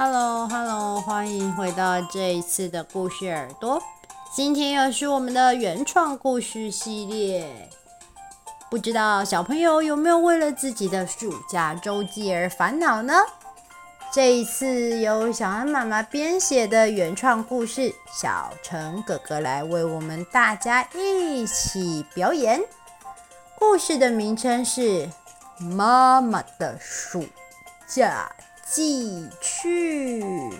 Hello，Hello，hello, 歡迎回到這一次的故事耳朵。今天又是我們的原創故事系列。不知道小朋友有沒有為了自己的暑假周記而煩惱呢？這一次由小安媽媽編寫的原創故事，小宸哥哥來為我們大家一起表演。故事的名稱是《媽媽的暑假》。繼續。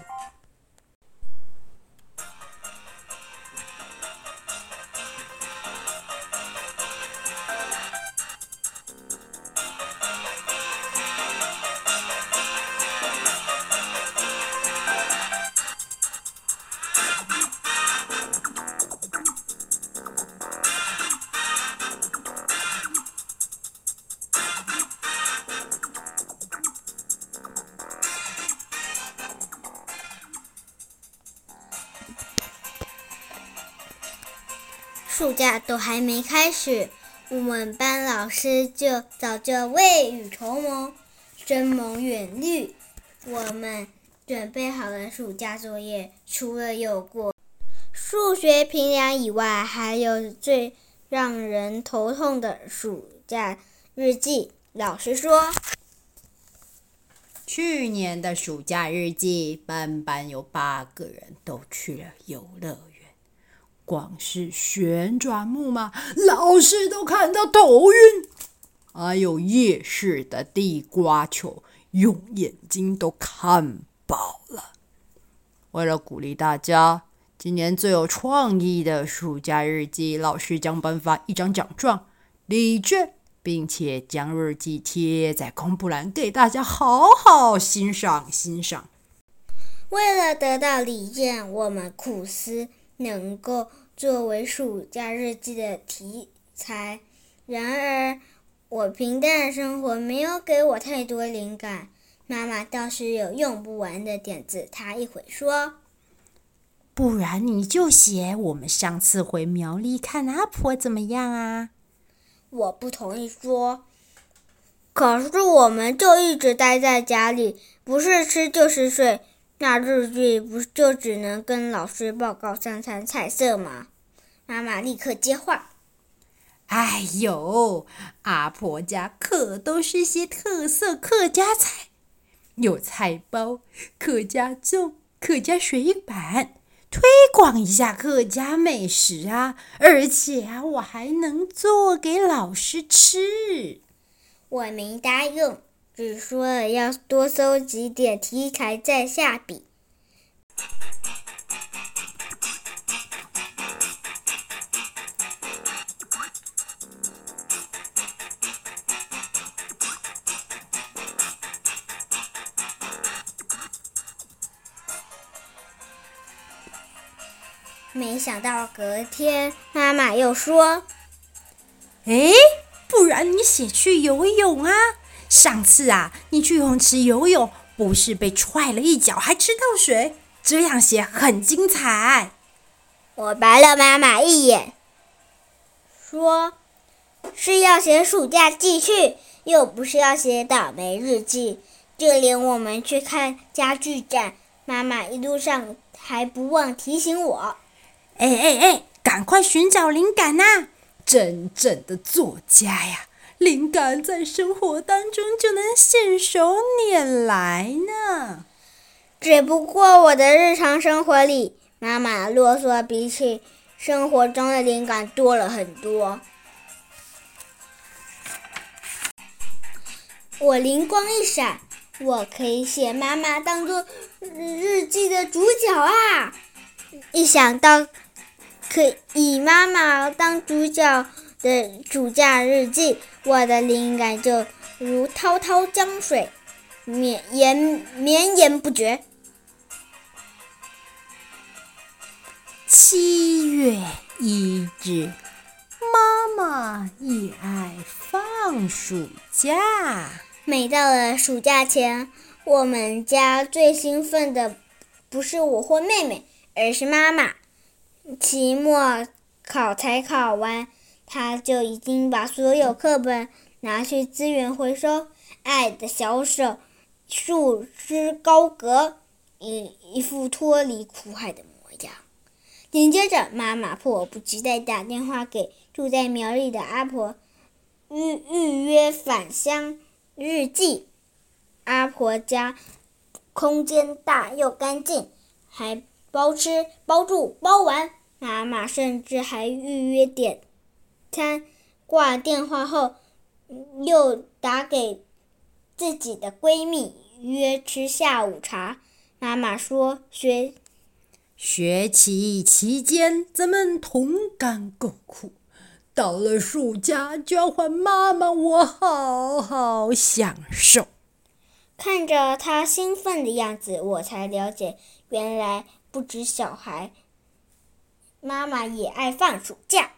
暑假都還沒開始，我們班老師就早就未雨綢繆，深謀遠慮。我們準備好了暑假作業，除了有過數學評量以外，還有最讓人頭痛的暑假日記。老師說，去年的暑假日記，班班有八個人都去了遊樂園。光是旋轉木馬，老師都看到頭暈；還有夜市的地瓜球，用眼睛都看飽了。為了鼓勵大家，今年最有創意的暑假日記，老師將頒發一張獎狀、禮券，並且將日記貼在公布欄，給大家好好欣賞欣賞。為了得到禮券，我們苦思，能夠作為暑假日記的題材。然而，我平淡的生活沒有給我太多靈感。媽媽倒是有用不完的點子，她一會說：“不然你就寫我們上次回苗栗看阿婆怎麼樣啊？”我不同意說，可是我們就一直待在家裡，不是吃就是睡。那日記不就只能跟老師報告三餐菜色嗎？媽媽立刻接話：“哎呦，阿婆家可都是些特色客家菜，有菜包、客家粽、客家水板，推廣一下客家美食啊！而且啊，我還能做給老師吃。”我沒答應。只說了要多蒐集點題材再下筆。沒想到隔天，媽媽又說：“哎，不然你寫去游泳啊？”上次啊，你去泳池游泳，不是被踹了一腳，還吃到水，這樣寫很精彩。我白了媽媽一眼，說：“是要寫暑假記敘，又不是要寫倒霉日記。”就連我們去看家具展，媽媽一路上還不忘提醒我：“哎哎哎，趕快尋找靈感吶、啊！真正的作家呀！”靈感在生活當中就能信手拈來呢。只不過我的日常生活裡，媽媽囉嗦，比起生活中的靈感多了很多。我靈光一閃，我可以寫媽媽當做日記的主角啊！一想到可以，以媽媽當主角的暑假日記。我的靈感就如滔滔江水，綿延綿延不絕。七月一日，媽媽也愛放暑假。每到了暑假前，我們家最興奮的不是我和妹妹，而是媽媽。期末考才考完，他就已經把所有課本拿去資源回收，愛的小手，束之高閣，一一副脫離苦海的模樣。緊接着，媽媽迫不及待打電話給住在苗栗的阿婆，預預約返鄉日記。阿婆家空間大又乾淨，還包吃包住包玩。媽媽甚至還預約點。三。掛電話後，又打給自己的閨蜜約吃下午茶。媽媽說：“學，學習期，期間咱們同甘共苦，到了暑假就要換媽媽我好好享受。”看着她興奮的樣子，我才了解，原來不止小孩，媽媽也愛放暑假。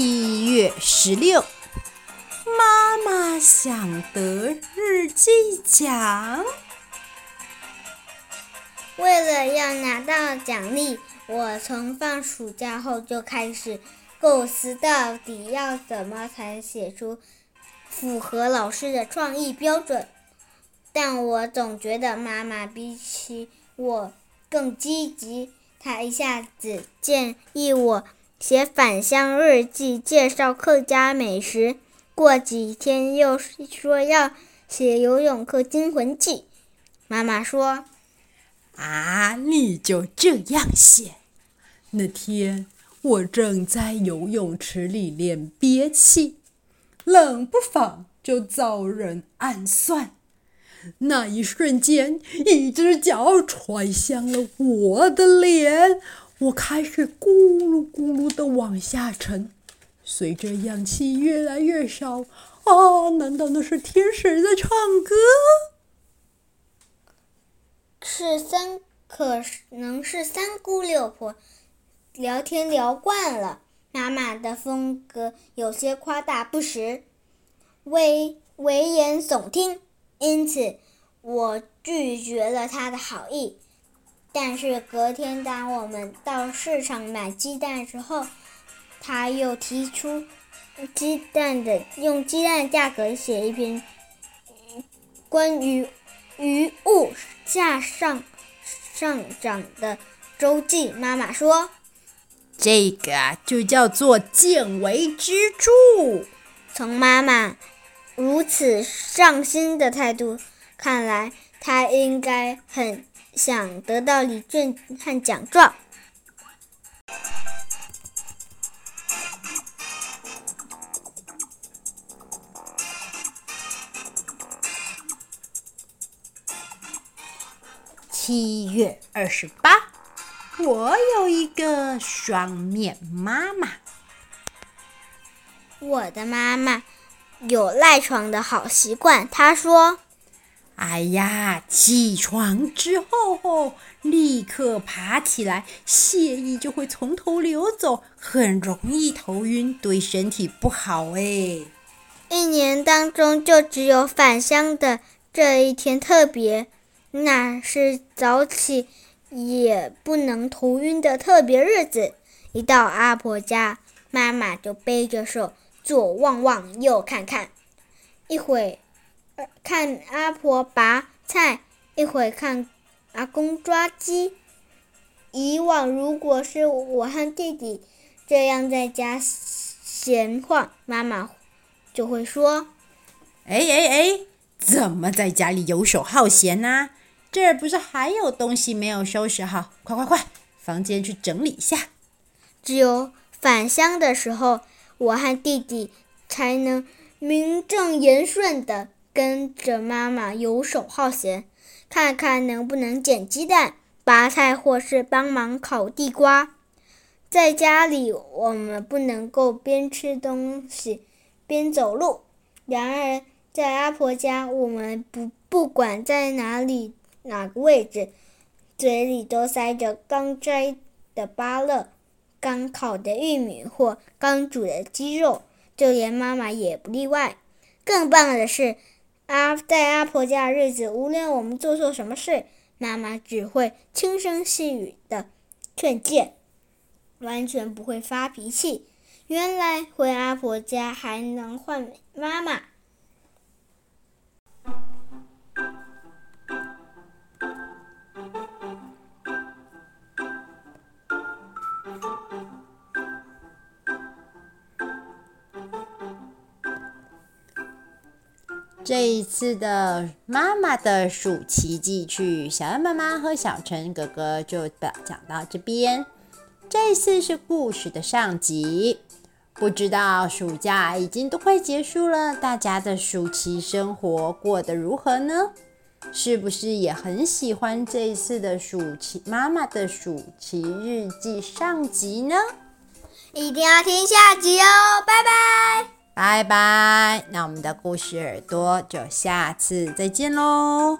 七月十六，媽媽想得日記獎。為了要拿到獎勵，我從放暑假後就開始構思，到底要怎麼才寫出符合老師的創意標準？但我總覺得媽媽比起我更積極，她一下子建議我。寫返鄉日記，介紹客家美食。過幾天又說要寫游泳課驚魂記。媽媽說：“啊，你就這樣寫。”那天我正在游泳池裡練憋氣，冷不防就遭人暗算。那一瞬間，一隻腳踹向了我的臉。我開始咕嚕咕嚕地往下沉，隨着氧氣越來越少，啊，難道那是天使在唱歌？是三，可能是三姑六婆聊天聊慣了，媽媽的風格有些誇大不實，危危言聳聽，因此我拒絕了她的好意。但是隔天，當我們到市場買雞蛋時候，他又提出雞蛋的用雞蛋價格寫一篇關於於物價上上漲的周記。媽媽說：“這個就叫做見微知著。”從媽媽如此上心的態度看來，她應該很。想得到李俊漢獎狀。七月二十八，我有一個雙面媽媽。我的媽媽有賴床的好習慣，她說，哎呀，起床之後吼，立刻爬起來，血液就會從頭流走，很容易頭暈，對身體不好誒。一年當中就只有返鄉的這一天特別，那是早起也不能頭暈的特別日子。一到阿婆家，媽媽就背着手，左望望，右看看，一會看阿婆拔菜，一會兒看阿公抓雞。以往如果是我和弟弟這樣在家閒晃，媽媽就會說：“哎哎哎，怎麼在家裡遊手好閒呢，啊？這兒不是還有東西沒有收拾好？快快快，房間去整理一下。”只有返鄉的時候，我和弟弟才能名正言順的。跟着媽媽遊手好閒，看看能不能撿雞蛋、拔菜，或是幫忙烤地瓜。在家裡，我們不能夠邊吃東西邊走路；然而，在阿婆家，我們不不管在哪裡哪個位置，嘴裡都塞着剛摘的芭樂、剛烤的玉米或剛煮的雞肉，就連媽媽也不例外。更棒的是，阿，啊，在阿婆家的日子，無論我們做錯什麼事，媽媽只會輕聲細語的勸誡，完全不會發脾氣。原來回阿婆家還能換媽媽。這一次的媽媽的暑期記趣，小羊媽媽和小宸哥哥就講到這邊。這一次是故事的上集，不知道暑假已經都快結束了，大家的暑期生活過得如何呢？是不是也很喜歡這一次的暑期媽媽的暑期日記上集呢？一定要聽下集哦！拜拜。拜拜，那我們的故事耳朵就下次再見嘍。